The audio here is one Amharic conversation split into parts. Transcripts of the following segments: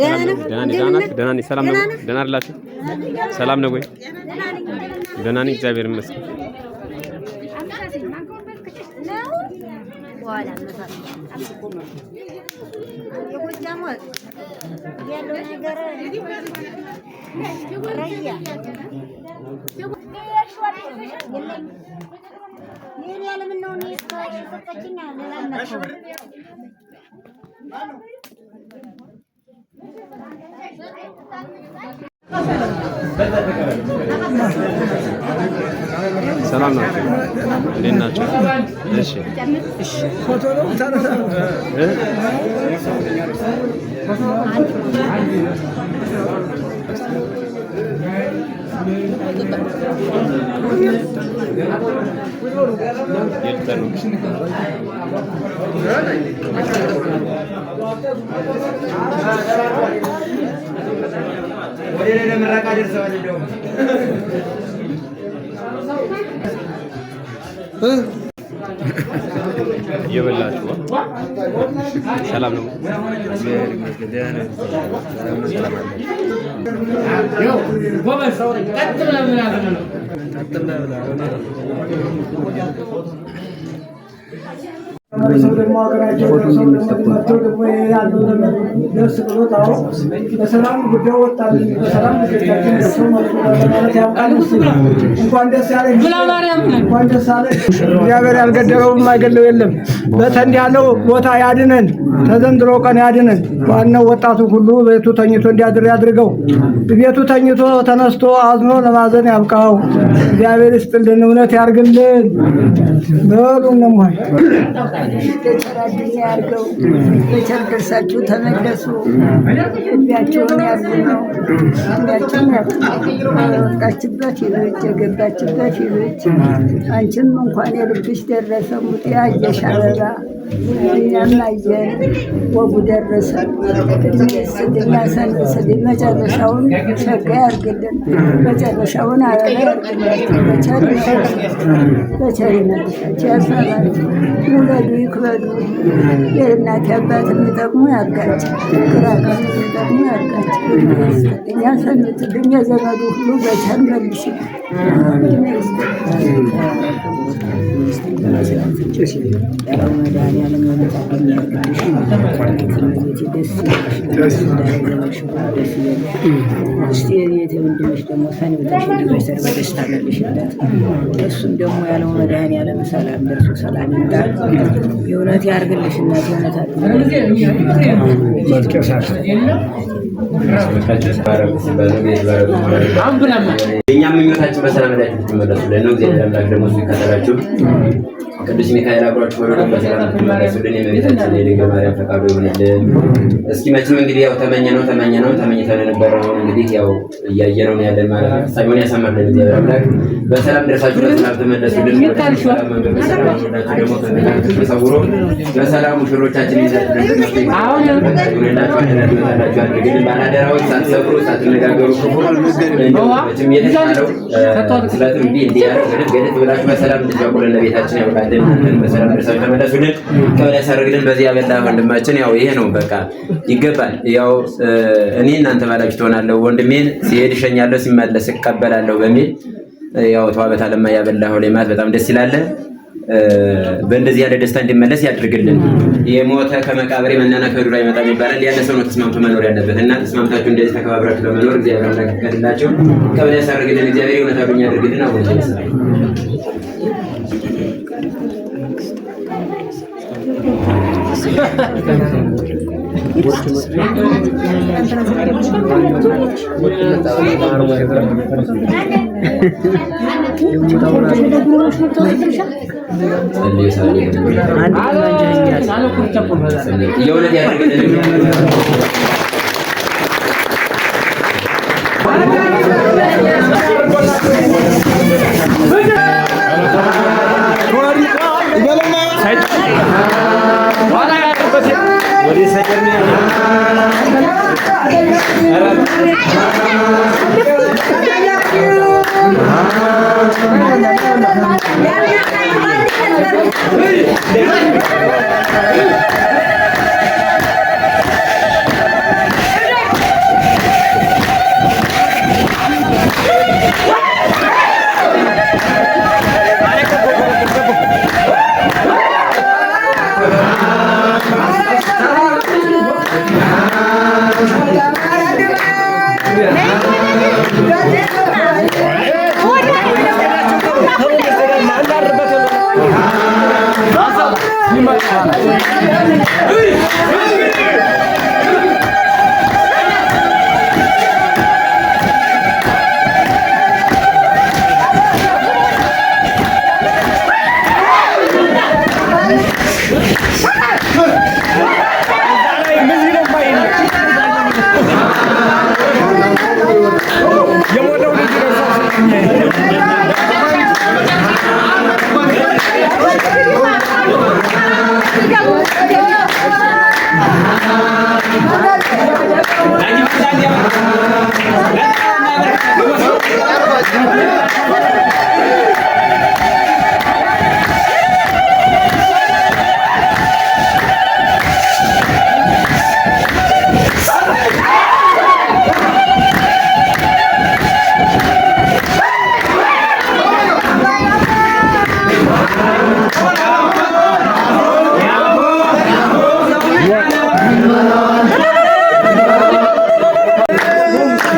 ደህና ሰላም ነው ወይ? ደህና ነኝ፣ እግዚአብሔር ይመስገን። ሰላም ናቸው። እንዴት ናቸው? እሺ ፎቶ ወደ ሌላ ምረቃ ደርሰዋል። እንደውም እየበላችሁ ሰላም ነው። ሰላም ነው። ሰው ደግሞ ሀገራቸው እግዚአብሔር ያልገደበው የማይገለው የለም። በተንድ ያለው ቦታ ያድነን፣ ተዘንድሮ ቀን ያድነን። ዋናው ወጣቱ ሁሉ ቤቱ ተኝቶ እንዲያድር ያድርገው። ቤቱ ተኝቶ ተነስቶ አዝኖ ለማዘን ያብቃው። እግዚአብሔር ይስጥልን፣ እውነት ያርግልን። በሉ ነሟይ በቸር አድሜ ያድርገው። በቸር ደርሳችሁ ተመለሱ። እድሜያቸውን ያርዝመው። እድሜያቸውን ያወጣችበት ይዞች የገባችበት ይዞች። አንቺም እንኳን የልብሽ ደረሰ ሙጤ አየሽ አበባ እኛም አየን ወጉ ደረሰ። እድሜ ስልና ሰንስል መጨረሻውን ሸጋ ያርግልን። መጨረሻውን አበባ ያርግልን። በቸር በቸር ይመልሳቸው። ያሰራቸው ውለዱ ይክበዱ። የእናት አባት የሚጠቅሙ ያርጋቸው፣ ቅራቃት የሚጠቅሙ ያርጋቸው። ያሰምትልኝ የዘመዱ ሁሉ በቻን መልሱ። እሱም ደግሞ ያለው መድኃኒዓለም ሰላም ደርሶ ሰላም ይምጣ። የእውነት ያርግልሽ እናት የእውነት የእኛ ምኞታችን በሰላም ላይ ትመለሱ ነው። እግዚአብሔር አምላክ ደግሞ ይከተላችሁ። ቅዱስ ሚካኤል አብሯችሁ በመሆን በሰላም የመቤታችን የድንግል ማርያም ፈቃዱ ይሆንልን። እስኪ መቼም እንግዲህ ያው ተመኘ ተመኘነው ተመኝተን የነበረው እንግዲህ ያው ነው ያለን ማለት ነው። ሳቢሆን ያሰማልን እግዚአብሔር አምላክ በሰላም ደርሳችሁ ለሰላም ተመለሱልን። ተሰውሮ በሰላም ሙሽሮቻችን ይዛችሁንላችሁ አድርግልን። ባላደራዎች ሳትሰብሩ ሳትነጋገሩ ክፉ ስለትም እንዲህ እንዲህ ገደት ብላችሁ በሰላም እንድትበቁልን ለቤታችን ያውቃል። በሰላም ደርሰን ተመለሱልን። ቀበሌ ያሳርግልን። በዚህ ያበላ ወንድማችን ያው ይሄ ነው በቃ ይገባል። ያው እኔ እናንተ ባላችሁ ትሆናለሁ። ወንድሜን ሲሄድ እሸኛለሁ፣ ሲመለስ እቀበላለሁ በሚል ያው ተዋበት አለማ ያበላኸው ሌማት በጣም ደስ ይላል። በእንደዚህ ያለ ደስታ እንዲመለስ ያድርግልን። የሞተ ከመቃብር መናና ከዱር አይመጣም ይባላል። ያለ ሰው ነው ተስማምቶ መኖር ያለበት እና ተስማምታችሁ እንደዚህ ተከባብራችሁ ለመኖር እግዚአብሔር አምላክ ይፈቅድላቸው። ቀበሌ ያሳርግልን። እግዚአብሔር የእውነት አብሮኝ ያድርግልን። አሁን ተነሳ Hahaha. Istri. Istri. Istri. Thank you.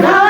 Radha.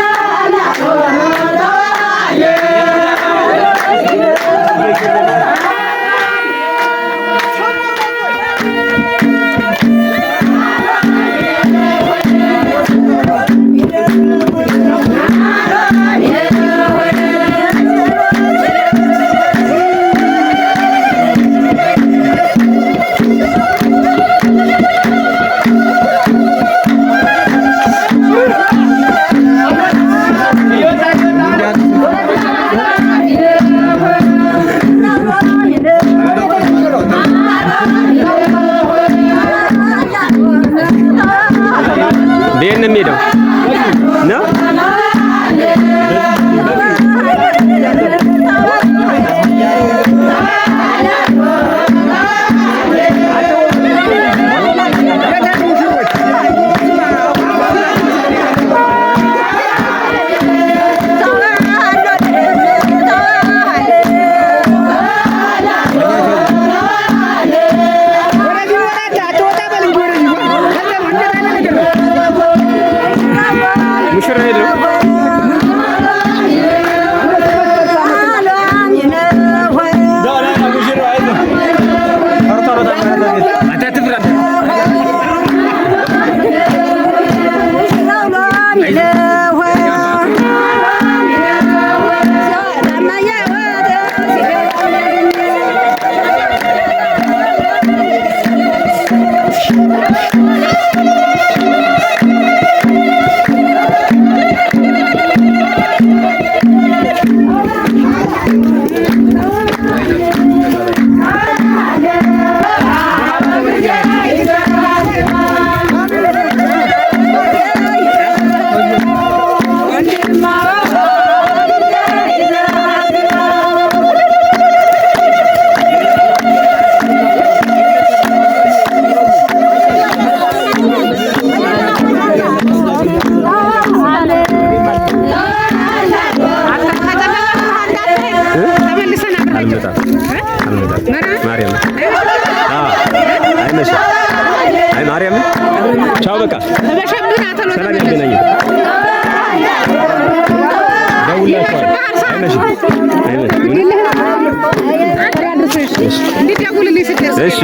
እሺ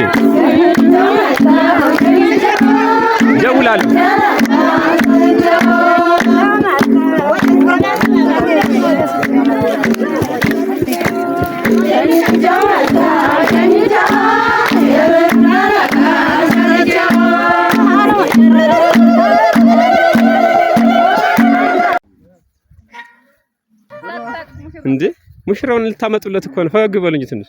እደውላለሁ። እንዴ ሙሽራውን ልታመጡለት እኮ ነው። ፈገግ በሉኝ ትንሽ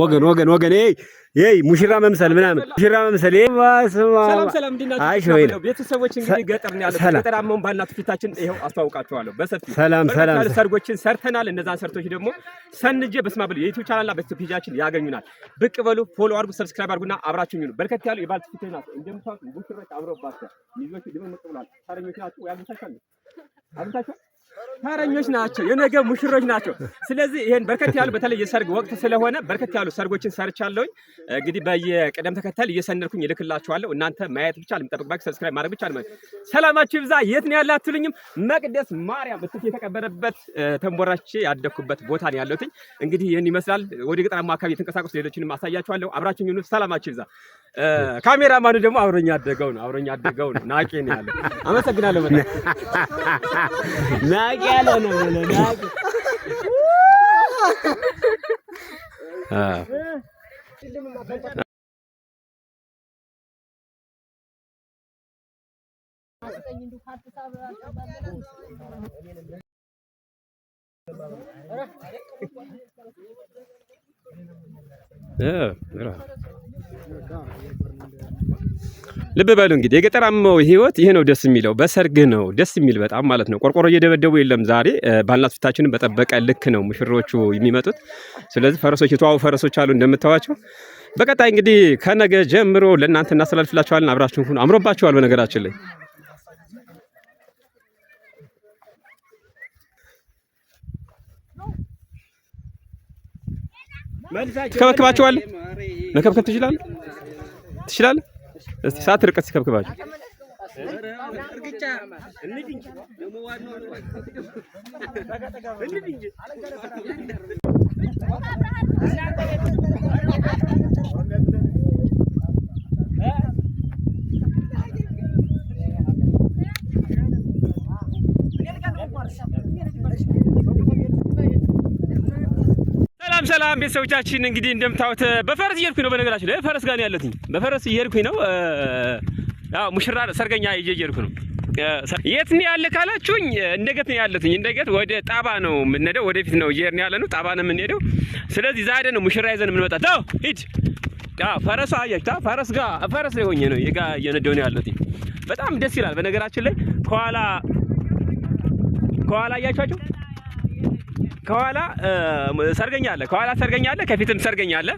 ወገን ወገን ወገን ይሄ ሙሽራ መምሰል ምናምን ሙሽራ መምሰል ሰላም ሰላም ቤተሰቦች እንግዲህ ገጠር ያለ ያለው ገጠራማውን ባልናት ፊታችን ይኸው አስተዋውቃችኋለሁ በሰፊ ሰላም ሰላም ሰርጎችን ሰርተናል እነዛን ሰርቶች ደግሞ ሰንጄ በስማ ብለው የዩቲዩብ ቻናልና በዩቲዩብ ፔጃችን ያገኙናል ብቅ በሉ ፎሎ አድርጉ ሰብስክራይብ አድርጉና አብራችሁ ይሁኑ በርከት ያሉ የባልት ፊቶች ናቸው እንደምታውቁ ሙሽሮች አብረውባቸው ልጆቹ ድምቅ ብሏል ታረኞች ናቸው ወይ አግኝታችኋል አግኝታችኋል ተረኞች ናቸው፣ የነገ ሙሽሮች ናቸው። ስለዚህ ይሄን በርከት ያሉ በተለይ የሰርግ ወቅት ስለሆነ በርከት ያሉ ሰርጎችን ሰርቻለሁኝ። እንግዲህ በየቅደም ተከተል እየሰነድኩኝ ይልክላችኋለሁ። እናንተ ማየት ብቻ ባክ ሰብስክራይብ ማድረግ ብቻ ልመ ሰላማችሁ ይብዛ። የት ነው ያላችሁልኝም? መቅደስ ማርያም እትፍ የተቀበረበት ተንቦራቼ ያደኩበት ቦታ ነው ያለሁትኝ። እንግዲህ ይህን ይመስላል። ወደ ገጠራማ አካባቢ የተንቀሳቀሱ ሌሎችንም አሳያችኋለሁ። አብራችሁኝ ሁኑ። ሰላማችሁ ይብዛ። ካሜራማኑ ደግሞ አብሮኝ አደገው ነው። አብሮኝ አደገው ነው። ናቄ ነው ያለው። አመሰግናለሁ። ማለት ናቄ ያለ ነው ነው ናቄ እ ልብ በሉ እንግዲህ የገጠራማው ህይወት ይሄ ነው ደስ የሚለው። በሰርግ ነው ደስ የሚል በጣም ማለት ነው። ቆርቆሮ እየደበደቡ የለም ዛሬ ባልናት ፊታችንን በጠበቀ ልክ ነው ሙሽሮቹ የሚመጡት። ስለዚህ ፈረሶች የተዋቡ ፈረሶች አሉ እንደምታዋቸው። በቀጣይ እንግዲህ ከነገ ጀምሮ ለእናንተ እናስተላልፍላችኋለን። አብራችሁን ሁኑ። በነገራችን ላይ ትከበክባቸዋለህ? መከብከብ ትችላለህ ትችላለህ? እስቲ ሰዓት ርቀት ሲከብክባቸው ሰላም ቤተሰቦቻችን እንግዲህ እንደምታዩት በፈረስ እየሄድኩኝ ነው። በነገራችን ላይ ፈረስ ጋር ነው ያለሁት። በፈረስ እየሄድኩኝ ነው። አዎ ሙሽራ ሰርገኛ ይዤ እየሄድኩ ነው። የት ነው ያለ ካላችሁኝ፣ እንደገት ነው ያለሁት። እንደገት ወደ ጣባ ነው የምንሄደው። ወደፊት ነው እየሄድን ያለ ነው። ጣባ ነው የምንሄደው። ስለዚህ ዛሬ ነው ሙሽራ ይዘን የምንመጣው። ታው ሂድ ፈረሱ አያችሁታ። ፈረስ ጋር ፈረስ ላይ ሆኜ ነው የጋ እየነዳሁ ነው ያለሁት። በጣም ደስ ይላል። በነገራችን ላይ ከኋላ ከኋላ አያችኋቸው ከኋላ ሰርገኛ አለ፣ ከኋላ ሰርገኛ አለ፣ ከፊትም ሰርገኛ አለ።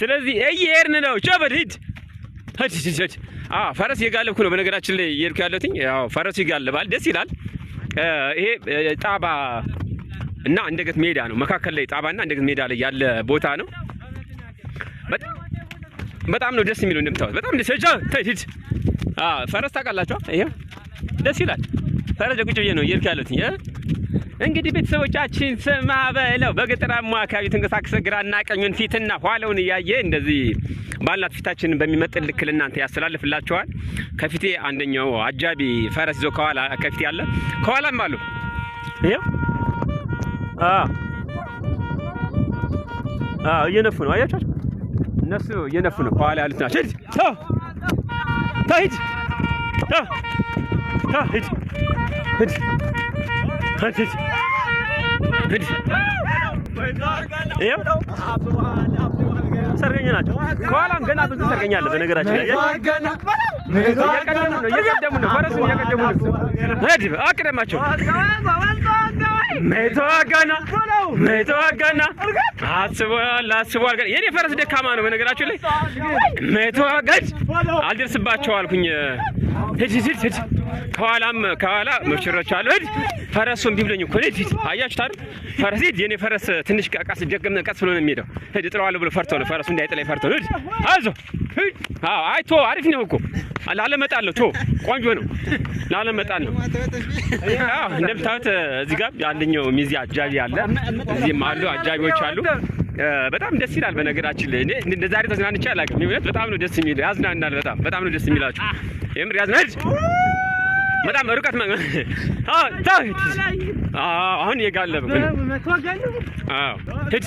ስለዚህ እየሄድን ነው። ጨበድ ሂድ ሂድ። አዎ ፈረስ እየጋለብኩ ነው። በነገራችን ላይ እየሄድኩ ያለሁትኝ ያው ፈረሱ ይጋልባል፣ ደስ ይላል። ይሄ ጣባ እና እንደገት ሜዳ ነው። መካከል ላይ ጣባ እና እንደገት ሜዳ ላይ ያለ ቦታ ነው። በጣም ነው ደስ የሚለው እንደምታወት በጣም ደስ ይላል። ጃ ሂድ። አዎ ፈረስ ታውቃላችሁ፣ ይሄ ደስ ይላል። ፈረስ ቁጭ ብዬ ነው እየሄድኩ ያለሁትኝ እንግዲህ ቤተሰቦቻችን ስማ በለው በገጠራማ አካባቢ ተንቀሳቅሰ ግራና ቀኙን ፊትና ኋላውን እያየ እንደዚህ ባላት ፊታችንን በሚመጥል ልክል እናንተ ያስተላልፍላቸዋል ከፊቴ አንደኛው አጃቢ ፈረስ ይዞ ከኋላ ከፊቴ አለ፣ ከኋላም አሉ። እየነፉ ነው፣ አያቸው እነሱ እየነፉ ነው። ከኋላ ያሉት ናቸው። ሂድ ሂድ ሂድ ሰርገኛ ናቸው። ከኋላም ገና ብዙ ሰርገኛ አለ። በነገራችን እየቀደሙ ነው፣ ፈረሱን እየቀደሙ ነው። አቅደማቸው መቶ መቶ የኔ ፈረስ ደካማ ነው። በነገራችን ላይ መቶ አልደርስባቸው አልኩኝ። ሂድ ሂድ ሂድ። ከኋላም ከኋላ መብሽሮች አሉ። ሂድ ፈረሱ እምቢ ብሎኝ እኮ ሂድ ሂድ። አያችሁት አይደል? ፈረስ ሂድ። የኔ ፈረስ ትንሽ ቀስ ደገም ቀስ ብሎ ነው የሚሄደው። ሂድ እጥለዋለሁ ብሎ ፈርቶ ነው ፈረሱ እንዳይጥለኝ ፈርቶ ነው። ሂድ አይዞህ። አዎ አይ ቶ አሪፍ ነው እኮ ላለመጣል ነው። ቶ ቆንጆ ነው። ላለመጣል ነው። አዎ እንደምታዩት እዚህ ጋር አንደኛው ሚዜ አጃቢ አለ። እዚህም አሉ አጃቢዎች አሉ። በጣም ደስ ይላል። በነገራችን ላይ እኔ እንደ ዛሬ ተዝናንቼ አላውቅም። እውነት በጣም ነው ደስ የሚል ያዝናናል። በጣም በጣም ነው ደስ የሚላችሁ የምር ያዝናል። በጣም ሩቀት አሁን የጋለብ አዎ ሂድ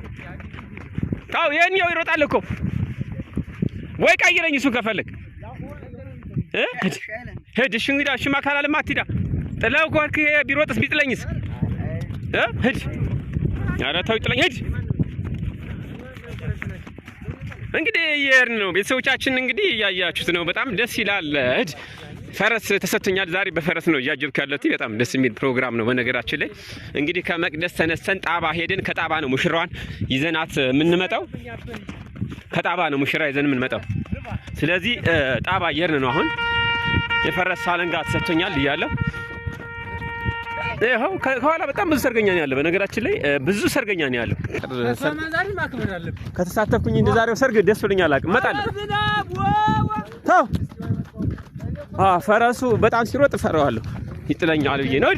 ታው ይሄኛው ይሮጣል እኮ ወይ ቀይረኝ፣ እሱን ከፈለግ ሂድ። እሺ እንግዲህ እሺ ማካላለማ አትሂዳ ጥለው ከሆንክ ይሄ ቢሮጥስ ቢጥለኝስ? ሂድ። ኧረ ተው ይጥለኝ፣ ሂድ። እንግዲህ እየሄድን ነው ቤተሰቦቻችን፣ እንግዲህ እያያችሁት ነው። በጣም ደስ ይላል። ሂድ ፈረስ ተሰጥቶኛል። ዛሬ በፈረስ ነው እያጀብኩ ያለሁት። በጣም ደስ የሚል ፕሮግራም ነው። በነገራችን ላይ እንግዲህ ከመቅደስ ተነስተን ጣባ ሄደን ከጣባ ነው ሙሽራዋን ይዘናት የምንመጣው። ከጣባ ነው ሙሽራ ይዘን የምንመጣው። ስለዚህ ጣባ አየር ነው አሁን። የፈረስ ሳለንጋ ተሰጥቶኛል እያለሁ ይኸው ከኋላ በጣም ብዙ ሰርገኛ ነው ያለው። በነገራችን ላይ ብዙ ሰርገኛ ነው ያለው። ከተሳተፍኩኝ እንደዛሬው ሰርግ ደስ ብሎኛል። አላውቅም እመጣለሁ። ተው ፈረሱ በጣም ሲሮጥ ፈረዋለሁ ይጥለኛል ብዬ ነው።